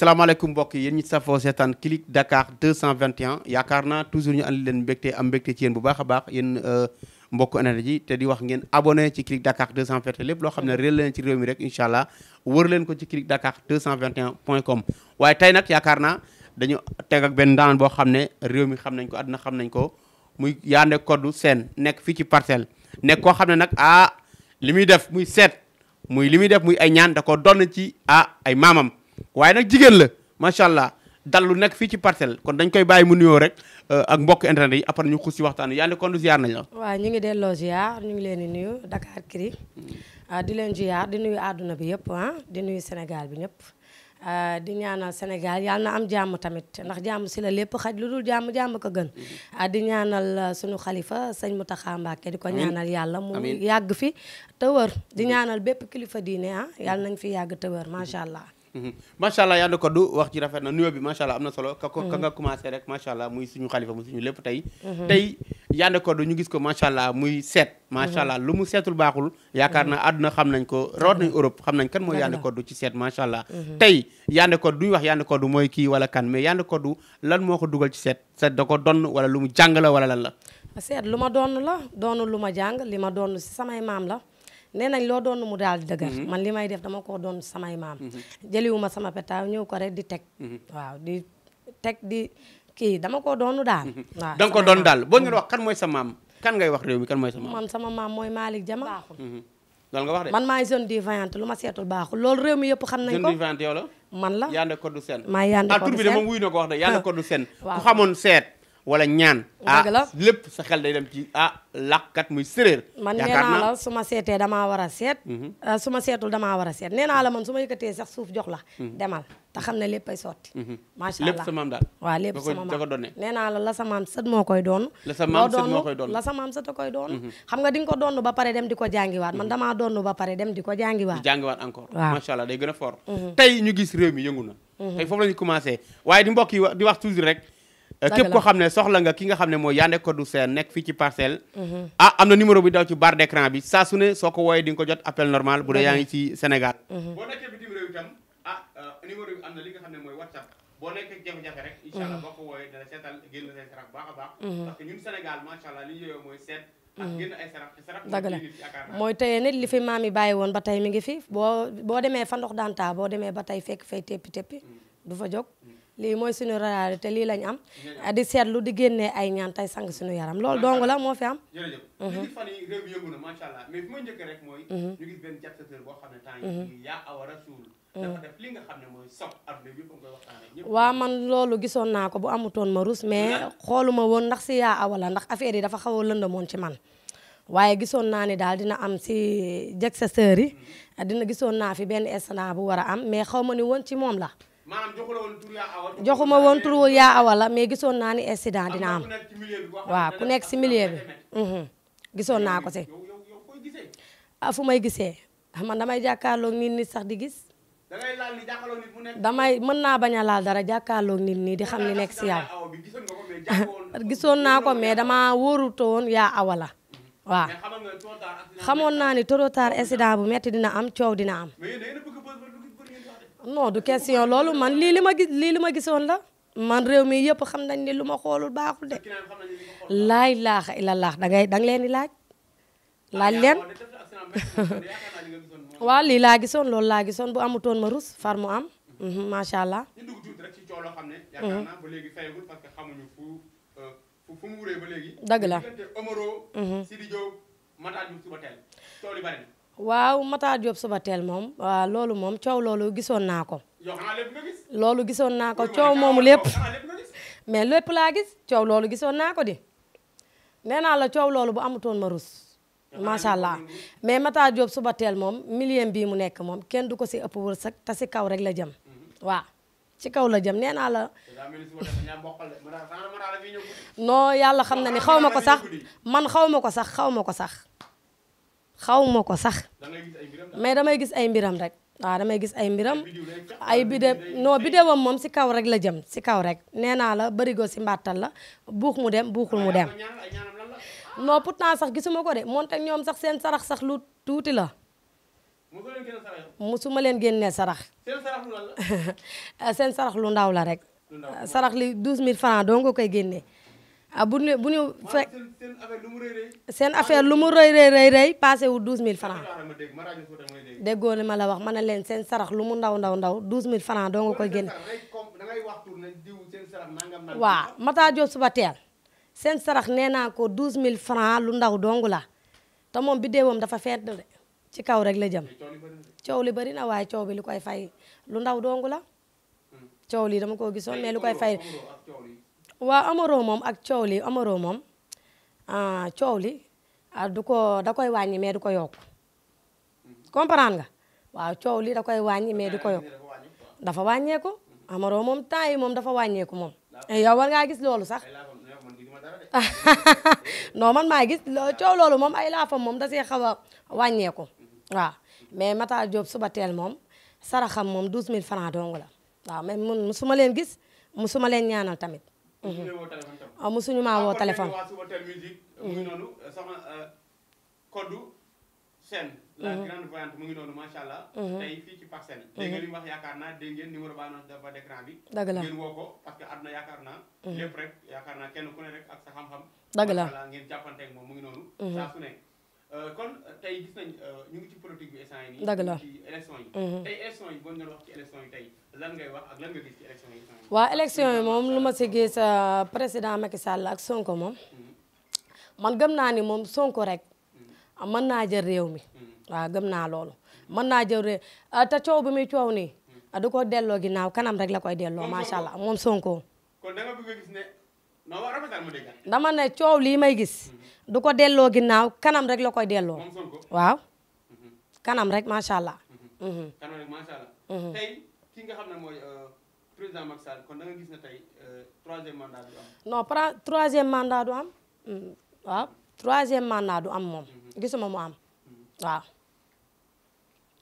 salaamaaleykum mbokk yéen ñi safoo seetaan Click Dakar 221 yaakaar naa toujours ñu andi leen mbégte am mbégte ci yéen bu baax a baax yéen euh, mbokk énergie ji te di wax ngeen abonné ci Click Dakar 221 lépp loo xam ne réer leen ci réew mi rek incha allah wër leen ko ci Click Dakar 221 point com waaye tey nag yaakaar naa dañu teg ak benn daan boo xam ne réew mi xam nañ ko àdduna xam nañ ko muy Yandé kodu seen nekk fii ci parcelle nekk koo xam ne nag ah li muy def muy seet muy li muy def muy ay ñaan da ko doon ci ah ay maamam waaye nag jigéen la macha allah dallu nekk fii ci parcelle kon dañ koy bàyyi mu nuyoo rek euh, ak mbokk internet yi après ñu xuus ci waxtaan wi yàlla kon du ñu ngi delloo ñu ngi leen di nuyu Dakar Cri ah, di leen ziar di nuyu àdduna bi yëpp ah di nuyu Sénégal bi ñëpp. Ah, di ñaanal Sénégal yàlla na am jàmm tamit ndax jàmm si la lépp xaj lu dul jàmm jàmm ko gën. Mm-hmm. Ah, di ñaanal euh, sunu xalifa sëñ Mountakha Mbacké di ko ñaanal yàlla mu yàgg fi te wër di mm-hmm. ñaanal bépp kilifa diine mm-hmm. yàlla nañ fi yàgg te wër macha allah. Mm-hmm. macha allah yaa ko du wax ci rafet na nuyoo bi macha allah am na solo. ka ko ka nga mm-hmm. rek macha allah muy suñu xalifa muy suñu lépp tey. Mm-hmm. tey yaa ko du ñu gis ko macha seet. macha allah lu mu seetul baaxul. yaakaar na àdduna xam nañ ko root nañ Europe xam nañ kan mooy yaa ko du ci seet macha allah. tey yaa ko du wax yaa ko du mooy kii wala kan mais yaa ko du lan moo ko dugal ci seet sa da ko donn wala lu mu jàng la wala lan la. seet lu ma doon la doonul lu ma jàng li ma doon si samay maam nee nañ loo doon mu daal dëgër mm-hmm. man li may def dama ko doon samay maam mm-hmm. jëliwuma sama petaaw ñëw ko rek di teg mm-hmm. waaw di teg di kii dama ko doonu daal waaw danga ko doon daal boo ngeen wax kan mooy sa maam kan ngay wax réew mi kan mooy sa maam man sama maam mooy Malick Jama loolu nga wax de man maay jeune lu ma seetul baaxul loolu réew yëpp xam nañ ko jeune défaillante yow la man la Yandé maa Yandé Codou Sène tur bi na ko wax de Yandé Codou ku xamoon seet wala ñaan. ah lépp sa xel day dem ci ah làkkat muy séréer. man nee naa la su ma seetee damaa war a seet. Mhm. Euh, su ma seetul damaa war a seet nee naa la man su ma yëkkatee sax suuf jox la. Mhm. demal te xam ne léppay sotti. Mhm. macha allah lépp sa maam daal. waaw lépp sama maam da nee la sa maam sët moo koy doon. la sa maam sët moo koy doon la sa maam a koy doon. xam nga di nga ko doon ba pare dem di ko jàngiwaat man damaa doon ba pare dem di ko jàngiwaat. di jàngiwaat encore macha allah day gën a fort. tey ñu gis réew mi yëngu na. tey foofu la ñu di mbokk yi di wax Euh, képp koo xam ne soxla nga ki nga xam ne mooy Yandé Codou Sène nekk fii ci parcelle mhm. ah, am na numéro bi daw ci barre bi saa su ne soo ko wooyee di nga ko jot appel normal bu dee yaa ngi ci Sénégal mhm. boo nekkee bitim réew itam ah euh, numéro bi am li nga xam mooy WhatsApp boo nekkee jafe-jafe rek incha allah mhm. boo ko baax a baax parce li ñu yooyoo mooy seet dëgg la teye nit li fi maam yi bàyyi woon ba tey mi ngi fi boo boo demee fa ndox daan taa boo demee ba tey fekk fay teppi teppi du fa jóg lii mooy suñu raadu te lii lañ am di seetlu di génnee ay ñaan tey sang suñu yaram loolu dong la moo fi am. Mhm. Mhm. Mhm. waa man loolu gisoon naa ko bu amutoon ma rus mais xooluma woon ndax si yaa awa ndax affaire yi dafa xaw a moon ci man. waaye gisoon naa ni daal dina am si jaxateur yi. dina gisoon naa fi benn instant bu war a am mais xaw ma ni woon ci moom la maanaam joxu la yaa awa. joxu ma gisoon naa ni accident dina am. waaw ku nekk si milieu mhm. gisoon naa ko si. ah fu may gisee ah, man damay jàkkaarloog nit nit sax di gis. damay mën naa bañ a laal dara jàkkaarloog nit nii di xam li nekk si yow. gisoon naa ko mais dama wóorutoon yaa awa la. Mhm. waaw xamoon naa ni trop tard accident bu metti dina am coow dina am. non du question loolu man lii li ma gis lii li ma gisoon la man réew mi yëpp xam nañ ni lu ma xoolul baaxul de. laay laax ila laax da ngay da leen di laaj. laaj leen waaw lii laa gisoon lool laa gisoon bu amutoon ma rus far mu am. Mhm, macha allah. ñu waaw mataa Matar suba teel moom loolu moom coow loolu gisoon naa ko. loolu gisoon naa ko coow moomu lépp. mais lépp laa gis coow loolu gisoon naa ko di nee naa la coow loolu bu amutoon ma rus macha allah mais Matar Diop Subatel moom million bii mu nekk moom kenn du ko si ëpp wërsëg ta si kaw rek la jam mm-hmm. waaw. ci kaw la jëm nee naa la non yàlla xam na ni xaw ma ko sax man xaw ma ko sax xaw ma ko sax xaw ko sax mais damay gis ay mbiram rek waa damay gis ay mbiram ay bidéw non bidéwam moom si kaw rek la jëm si kaw rek nee naa la barigo si mbattal la buux mu dem buuxul mu dem non pourtant sax gisuma ko de moom teg ñoom sax seen sarax sax lu tuuti la musuma leen génnee sarax seen sarax lu ndaw la rek sarax li 12000 francs doo nga koy génnee a ah, bu ñu bu ñu seen affaire lu mu rëy rëy rëy rëy passé wu 12000 francs déggoo ma la wax ma ne leen seen sarax lu mu ndaw ndaw ndaw 12000 francs doo nga koy génne waaw Mataa Diop seen sarax nee naa ko 12000 francs lu ndaw dong la te moom bi déewam dafa fedd de ci kawrek rek la jëm coow li bari na waaye coow lu koy fay lu ndaw dong la hmm. coow li dama koo gisoon mais lu koy fay waa amaro moom ak coow li amaro moom ah, coow li ah, du ko da koy wàññi mee du ko yokk comprendre nga waaw coow li da koy wàññi mais du ko yokk wàññeeku amaro moom temps yi moom dafa wàññeeku moom eh, yow war ngaa gis loolu sax non man maa gis coow moom ay laafam moom da see xaw a wàññeeku waaw mais Matar Diop suba teel moom saraxam moom 12000 francs dong la waaw mais mun musuma leen gis musuma leen ñaanal tamit Mhm. ah mosuñu maa woo téléphone. waaw suba tel musique. mu ngi noonu soxna Koddu Sène. la grande voyante mu ngi noonu macha allah. Mhm. tey mu wax yaakaar naa dégg ngeen numéro baa noonu dafa d'écran bi. dëgg la ngeen woo ko parce que àdduna yaakaar naa. Mhm. lépp rek yaakaar naa kenn ku ne rek ak sa xam-xam. dëgg la ngeen jàppanteeg moom mu ngi noonu. saa su ne. Euh, kon tey gis nañ euh, bi yi nii. dëgg la ci élection yi. Mhm. tey élection yi boo ñu doon ak lan nga moom lu ma si gis euh, président Macky Sall ak Sonko moom. Mhm. man gëm naa ni moom Sonko rek. Mhm. mën naa jër réew mi. waa gëm naa loolu. mën naa jël réew te coow bi muy coow nii. du ko delloo ginnaaw kanam rek la koy delloo. macha allah moom Sonko. kon dama ne coow lii may gis du ko delloo ginnaaw kanam rek la koy delloo waaw mhm. kanam rek macha allah. Mhm. Mhm. kanam rek macha nga xam ne mooy euh, président gis ne tey euh, troisième mandat du am. non pra troisième am waaw troisième moom gisuma am waaw.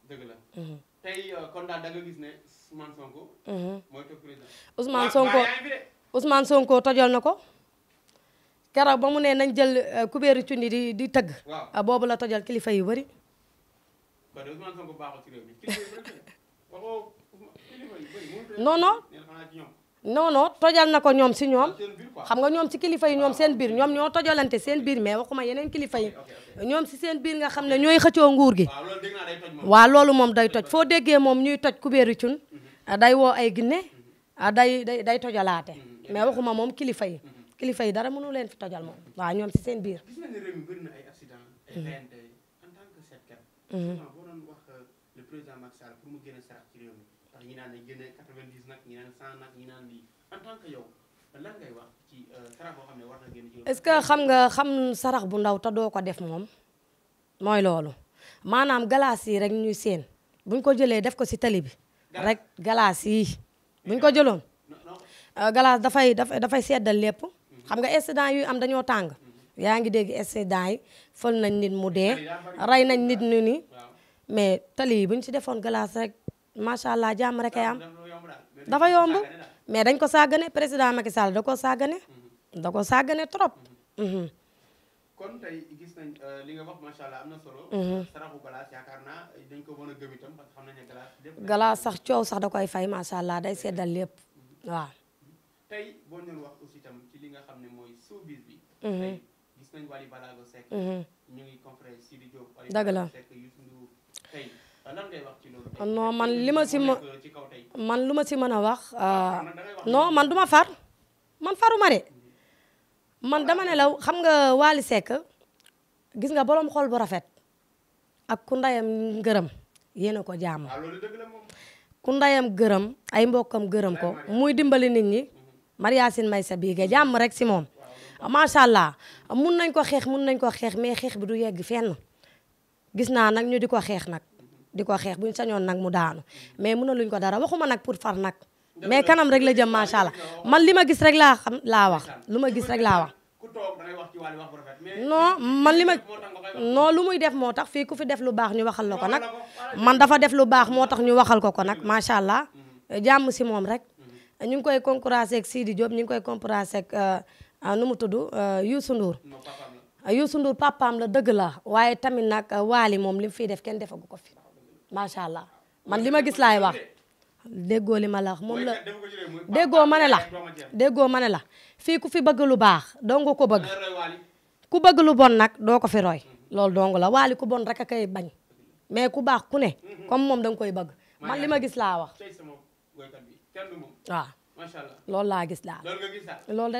dëgg euh, gis ne Sonko. Ousmane Sonko tojal na ko keroog ba mu nee nañ jël kubéeru euh, cundi di di tëgg. waaw ah, boobu la tojal kilifa yu bëri. ba de Ousmane tojal na ko ñoom si ñoom xam nga ñoom si kilifa yi ñoom seen ah, biir ñoom ñoo tojalante seen biir mais waxuma yeneen kilifa yi ñoom si seen biir nga xam ne ñooy xëccoo nguur gi waa loolu moom day toj foo deggee moom ñuy toj kubéeru cun mhm. ah, day woo ay ginne mhm. day day day tojalaate mhm. mais waxuma moom kilifa yi kilifa yi dara mënu leen fi tojal moom waaw ñoom si seen biir gis nañ ne réew mi bëri xam ce que xam nga xam sarax bu ndaw te doo ko def moom mooy loolu maanaam galaas yi rek ñuy seen buñ ko jëlee def ko si tali bi rek galaas yi buñ ko jëloon Euh, glace dafay dafay dafay seddal lépp xam nga accident yu am dañoo tàng yaa ngi dégg accident yi fël nit mu dee rey nit ñu ni mais tali yi defoon glace macha allah jàmm rek ay am dafa yomb mais dañ ko sàggane président Macky Sall da ko sàggane da ko sàggane trop mhm. kon tey gis euh, mhm. dañ ko sax coow sax da koy fay macha allah day seddal lépp waaw. tey boo ñu tam ci li nga xam ne mooy showbiz mhm. gis nañu Wally Ballago Seck. Mhm. la Youssou man li ma si ma man lu ma si mën a ah, euh, wax. non man du ma far man faruma de man dama ne la xam nga Wally Seck gis nga borom xol bu rafet ak ku ndayam ngërëm yéen a ko jaam ah, ku ndayam gërëm ay mbokkam gërëm ko muy dimbali nit ñi. may Mariasine Maysa Biége jàmm rek si moom ah, macha allah ah, mun nañ ko xeex mun nañ ko xeex mais xeex bi du yegg fenn gis naa nag ñu di ko xeex nag di ko xeex buñ sañoon nag mu daanu mais mënaluñ ko dara waxuma nag pour far nag mais kanam rek la jam macha allah man li ma gis rek laa xam laa wax lu ma gis rek laa wax. non man li ma non lu muy def moo tax fii ku fi def lu baax ñu waxal la ko nag man dafa def lu baax moo tax ñu waxal ko ko nag macha allah jàmm si moom rek. ñu ngi koy concurrencé ak Sidi Diop ñu ngi koy concurrencé ak euh, euh, nu mu tudd euh, Youssou Ndour Youssou papaam la dëgg la waaye tamit nag Waly moom li mu fiy def kenn defagu ko fi macha allah man li ma gis laay wax déggoo li ma la wax la déggoo ma ne la déggoo fii ku fi bëgg lu baax doo ko bëgg ku bëgg bon nag doo ko fi roy loolu dong la Waly ku bon rek a koy bañ mais ku baax ku ne mhm. comme moom da koy bëgg man li ma gis laa wax waaw. macha allah loolu laa gis daal. loolu nga gis da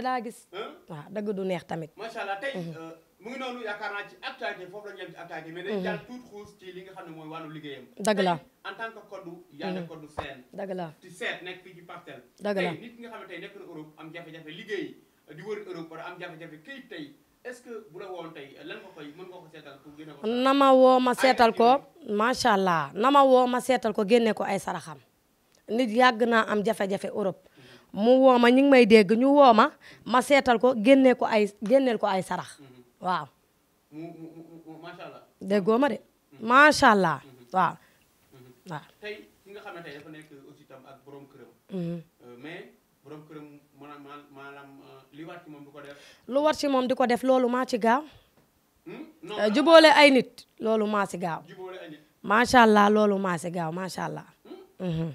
daa gis. waaw dëgg du neex tamit. macha allah tey. Mhm. Euh, yaakaar naa ci la ñu mhm. li nga xam ne mooy wàllu liggéeyam. dëgg la en tant que koddu. yaa ne mhm. koddu seen. dëgg la ci seet nekk fii la nit nga xam ne tey nekk na Europe am jafe-jafe liggéey di wër Europe wala am jafe-jafe këyit tey ce que bu na ma woo ma seetal ko macha allah na ma woo ma seetal ko génne ko ay saraxam nit yàgg naa am jafe-jafe Europe mu woo ma ñu ngi may dégg ñu woo ma ma seetal ko génnee ko ay génneel ko ay sarax mm-hmm. waaw. macha allah déggoo de mm-hmm. macha allah mm-hmm. waaw. Euh, euh, war ci moom di ko def. lu war ci moom di ko def loolu maa gaaw. Hmm? Euh, juboole ay nit loolu maa gaaw. macha allah loolu maa si gaaw macha allah. Hmm?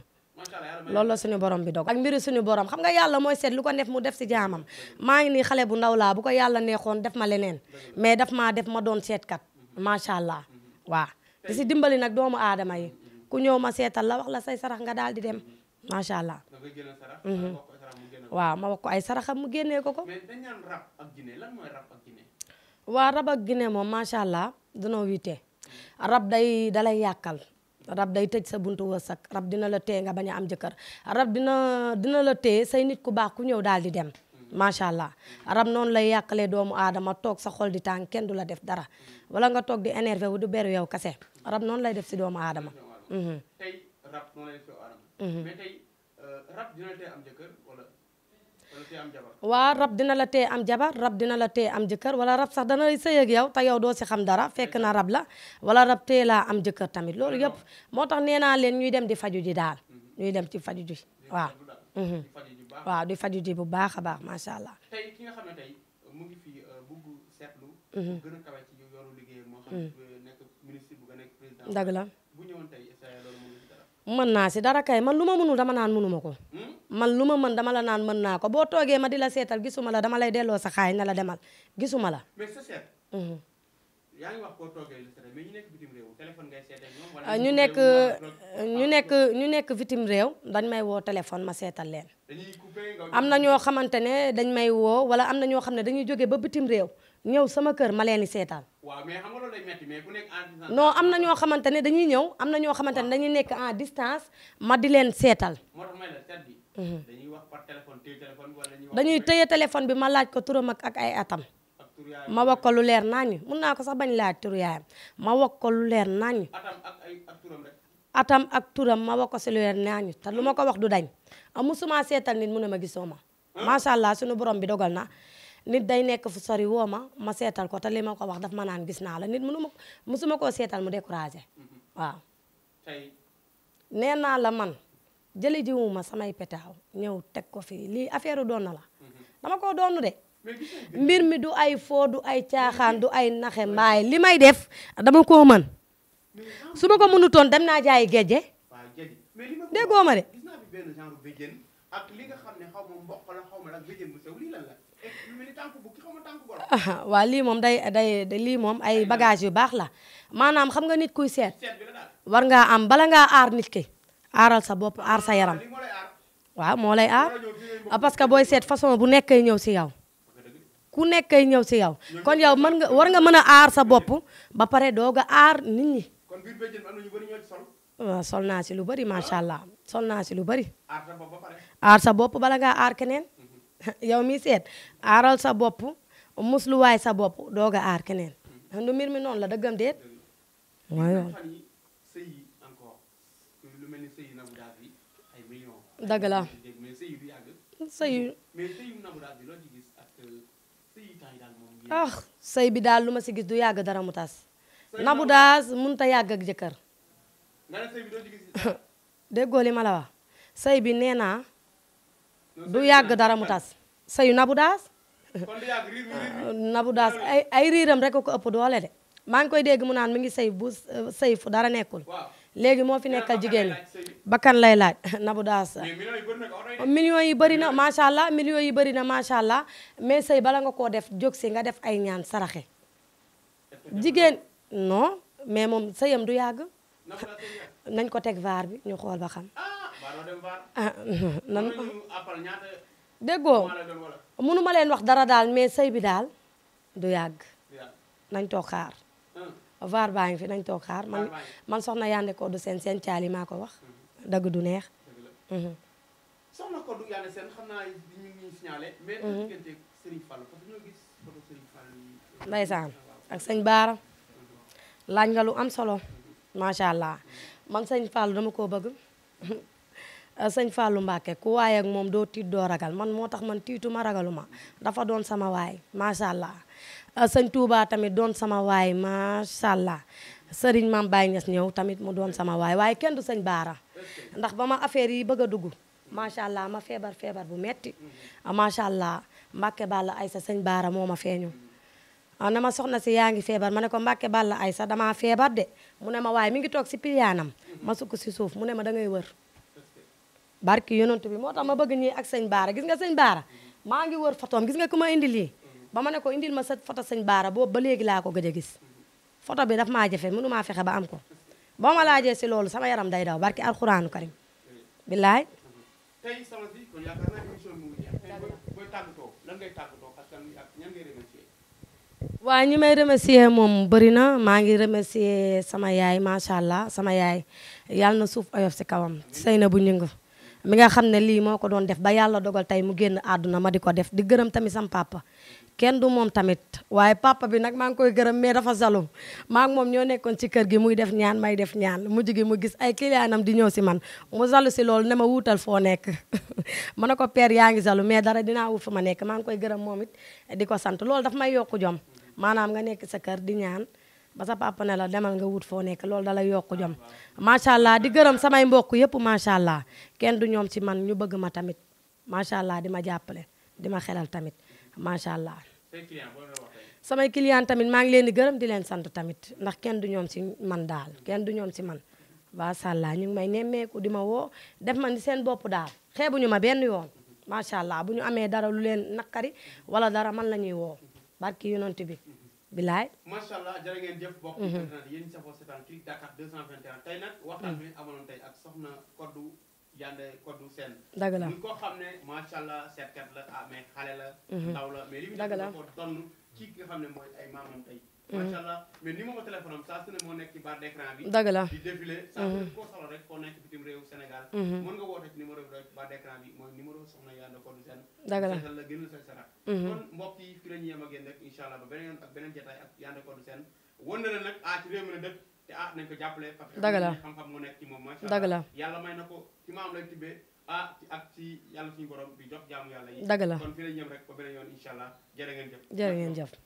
loolu la suñu borom bi dog ak mbiru suñu borom xam nga yàlla mooy seet lu ko neef mu def si jaamam maa ngi nii xale bu ndaw laa bu ko yàlla neexoon def ma leneen mais daf maa def ma doon kat macha allah waaw di si dimbali nag doomu aadama yi ku ñëw ma seetal la wax la say sarax nga daal di dem macha allah. Mhm. waaw ma wax ko ay saraxam mu génnee ko ko. waa rab ak jinne lan mooy rab ak jinne. waaw rab macha allah danoo rab day da lay yàkkal rab day tëj sa buntu wërsëg rab dina la téye nga bañ a am jëkkër rab dina dina la téye say nit ku baax ku ñëw daal di dem macha allah rab noonu lay yàqalee doomu aadama toog sa xol di tàng kenn du la def dara wala nga toog di énervé wu du beru yow kase rab noonu lay def si doomu aadama. tey waa rab dina la te am jabar rab dina la te am jëkkër wala rab sax dana sëy ak yow te yow doo si xam dara fekk na rab la wala rab tee laa am jëkkër tamit loolu yëpp moo tax nee naa leen ñuy dem di faju ji daal ñuy dem ci faju ji waaw mhm. di faju ji bu baax a baax macha allah tey euh, mhm. mhm. la mën naa si dara kay man lu ma mënul dama naan ma ko man lu ma mën dama la naan mën naa ko boo toogee ma di la seetal gisuma la dama lay delloo sa xaay na la demal gisuma la. Mhm. Ah, euh, ñu nekk ñu nekk ñu nekk ñu nekk réew dañ may woo téléphone ma seetal leen. am na ñoo xamante ne dañ may woo wala am na ñoo xam ne dañuy jógee ba bitim réew. ñëw sama kër ma leen seetal seetaan. am na ñoo xamante ne dañuy ñëw am na ñoo xamante ne dañuy nekk en distance ma di leen seetal. Mhm. dañuy wax par téléphone bi ma laaj ko turam ak ay atam. ma wax ko lu leer naññ mun naa ko sax bañ laaj tur yaayam ma wax ko lu leer naññ. atam ak ay ak turam ma wax ko si lu leer naññ te lu ma ko wax du dañ ah, musuma seetal nit mu ne ma gisoo ma. macha allah sunu borom bi dogal na nit day nekk fu sori woo ma ma seetal ko te li ma ko wax daf ma naan gis naa la nit mënu ma musuma koo seetal mu de découragé mm-hmm. waaw nee naa la man jëli jiwuma samay petaaw ñëw teg ko fii lii affaire doon na la mm-hmm. dama ko doonu de mbir mi du ay foo du ay caaxaan du ay naxe mbaay li may def dama koo mën su ma ko mënutoon dem naa jaay géej déggoo ma de ak lii eh, ah, waaw lii moom day day lii moom ay bagage yu baax la maanaam xam nga nit kuy seet war ngaa am bala ngaa aar nit ki aaral sa bopp aar sa yaram waaw moo lay aar ah, parce que booy seet façon bu nekkay ñëw si yow ku nekkay ñëw si yow kon yow mën nga war nga mën a aar sa bopp ba pare doog a aar nit ñi kon Ah, sol naa si lu bari macha ah. allah sol naa si lu bari aar sa bopp bala ngaa aar keneen. Mhm. yow mi seet aaral sa bopp musluwaay sa bopp doog a aar keneen. nu mhm. mbir mi noonu la dëggam déet. mooy yoon dëgg la. bi daal lu ma si gis du yàgg dara mu tas. nabu daas mënut a yàgg ak jëkkër. déggoo li ma say bi nee naa du yàgg dara mu tas sëyu nabu daas nabu daas ay ay riiram rek ko ëpp doole de maa ngi koy dégg mu naan mi ngi sëy bu sëy fu dara nekkul léegi moo fi nekkal jigéen ñi bakkan lay laaj nabu daas millions yi bëri na macha allah million yi bëri na macha allah mais sëy bala nga koo def jóg si nga def ay ñaan saraxe jigéen no mais moom sëyam du yàgg nañ ko teg vaar bi ñu xool ba xam. Ah, ah, nan. déggoo munu leen wax dara daal mais sëy bi daal du yàgg. nañ toog xaar. Hmm. vaar baa ngi fi nañ toog xaar man soxna Yande Codou seen seen caali maa ko wax. Hmm. dagg du neex. Hmm. soxna Codou ak sëñ Baara laaj nga lu am solo. macha allah man sëñ Fallou dama ko bëgg sëñ Fallou Mbacke ku waaye ak moom doo tiit doo ragal man moo tax man tiitu ma ragalu ma dafa doon sama waay macha allah sëñ Touba tamit doon sama waay macha allah sëriñ Mame Baye Niass ñëw tamit mu doon sama waay waaye kenn du sëñ Baara ndax ba ma affaire yi bëgg a dugg macha allah ma feebar feebar bu metti macha allah mbake Mbacke ay sa sëñ Baara moo ma feeñu. waaw ah, na ma soxna si yaa ngi feebar ma ne ko Mbàkke Balla Aysa damaa feebar de mu ma waaye mi ngi toog si piliyaanam ma sukk si suuf mu ne ma dangay ngay wër barki yonent bi moo tax ma bëgg ñii ak sëñ Baara gis nga sëñ Baara maa ngi wër fotoom gis nga ku ma indi ba ma ne ko indil ma sa foto sëñ Baara boobu ba léegi laa ko gëj a gis foto bi daf maa jafe mënu maa fexe ba am ko boo ma laajee si loolu sama yaram day daw barki alxuraanu karim billaay waaw ñi may remercier moom bëri na maa ngi remercier sama yaay macha allah sama yaay yàlla na suuf oyof si kawam sëy na bu ñëng mi nga xam ne lii moo ko doon def ba yàlla dogal tey mu génn àdduna ma di ko def di gërëm tamit sam papa kenn du moom tamit waaye papa bi nag maa ngi koy gërëm mais dafa jaloux maa moom ñoo nekkoon si kër gi muy def ñaan may def ñaan mujj gi mu gis ay clientam di ñëw si man mu jaloux si loolu ne ma wuutal foo nekk ma ne ko père yaa ngi jaloux mais dara dinaa wut ma nekk maa ngi koy gërëm moom it di ko sant loolu daf may yokku jom maanaam nga nekk sa kër di ñaan ba sa papa la demal nga wut foo nekk loolu da lay yokk jom macha allah di gërëm samay mbokk yëpp macha allah kenn du ñoom ci man ñu bëgg ma tamit macha allah di ma jàppale di ma xelal tamit macha allah. samay client tamit maa ngi leen di gërëm di leen sant tamit ndax kenn du ñoom si man daal kenn du ñoom si man. macha allah ñu ngi may nemmeeku di ma woo def man ni seen bopp daal xeebuñu ma benn yoon macha allah bu ñu amee dara lu leen naqari wala dara man la ñuy woo. barki yonent bi bilaay macha allah jërë ngeen jëf bokk mhm. internet yéen safoo seetaan ci Dakar 221 tey nag waxtaan bi mhm. amaloon tey ak soxna Kodou Yandé koddu Sène dëgg la koo xam ne macha allah seetkat la ah mais xale la mhm. ndaw la mais li mu def ko donn ci ki xam ne mooy ay maamam tey macha allah mais numéro téléphone am saa su ne moo nekk ci barre d'écran bi. dëgg la di défilé. saa ne mhm. koo soxla rek koo nekk bitim réew Sénégal. Mhm. mën nga woote ci numéro bi rek barre d'écran bi mooy numéro soxna la seetal la gënal sa sarax. Mhm. kon mbokk yi fi la ñuy yem ak na leen nag ah ci réew mi la dëkk te ah nañ ko jàppale. moo nekk ci moom macha allah la yàlla may na ko ci ah ci ak ci yàlla bi jox jaamu yàlla yi. dëgg la kon fi la ñuy yem rek ba beneen yoon incha allah jërë ngeen